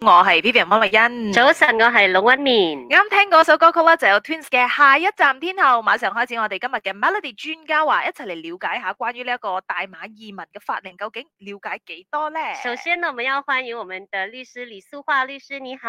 我係 Vivian 蒙麗欣，早晨，我係老一念。啱聽嗰首歌曲咧，就有 Twins 嘅下一站天后。馬上開始我哋今日嘅 Melody 專家話，一齊嚟了解一下關於呢一個大馬移民嘅法令究竟了解幾多咧？首先呢，我們要歡迎我們的律師李素樺律師，你好。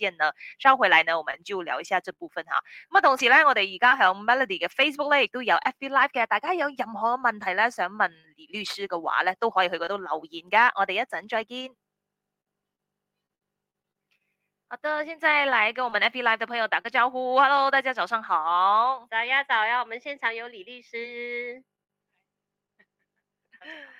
見呢，稍回來呢，我們就聊一下這部分哈。咁啊，同時咧，我哋而家響 Melody 嘅 Facebook 咧，亦都有 FB Live 嘅。大家有任何問題咧，想問李律師嘅話咧，都可以去嗰度留言噶。我哋一陣再見。好的，現在嚟跟我們 FB Live 嘅朋友打個招呼。Hello，大家早上好。早呀，早呀，我們現場有李律師。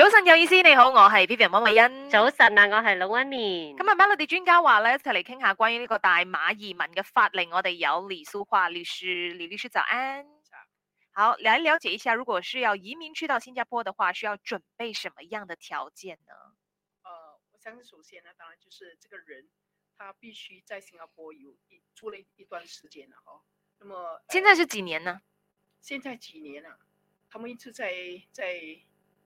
早晨有意思，你好，我係 Vivian 溫慧欣。早晨啊，我係老一年。咁啊，今日 Melody 專家話咧，一齊嚟傾下關於呢個大馬移民嘅法令。我哋有李素樺律師，李律師早安。啊、好，來了，了解一下，如果是要移民去到新加坡的話，需要準備什麼樣的條件呢？誒、呃，我相信首先呢，當然就是這個人，他必須在新加坡有一住了一段時間啦，哦。那麼、呃、現在是幾年呢？現在幾年啦、啊？他們一直在在。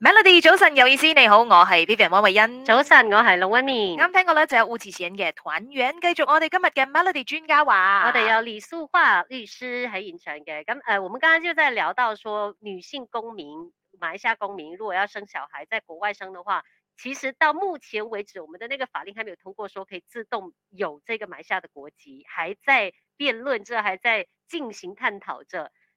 Melody 早晨有意思，你好，我是 Vivian 汪慧欣。早晨，我係陸一念。啱聽過呢隻烏吳史賢的團員。繼續我們今日的 Melody 專家話。我哋有李素樺律師喺現場嘅，咁，誒、呃，我們剛剛就在聊到說，女性公民，馬來西亞公民如果要生小孩，在國外生的話，其實到目前為止，我們的那個法令還沒有通過，說可以自動有這個馬來西亞的國籍，還在辯論着，這還在進行探討着。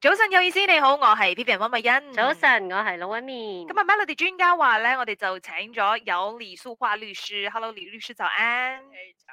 早晨有意思你好，我是 Pepin 溫美欣。早晨，我是老一棉。咁啊，今日 Melody 專家話咧，我哋就請咗有李素樺律師，Hello，李律師早安。Okay, 早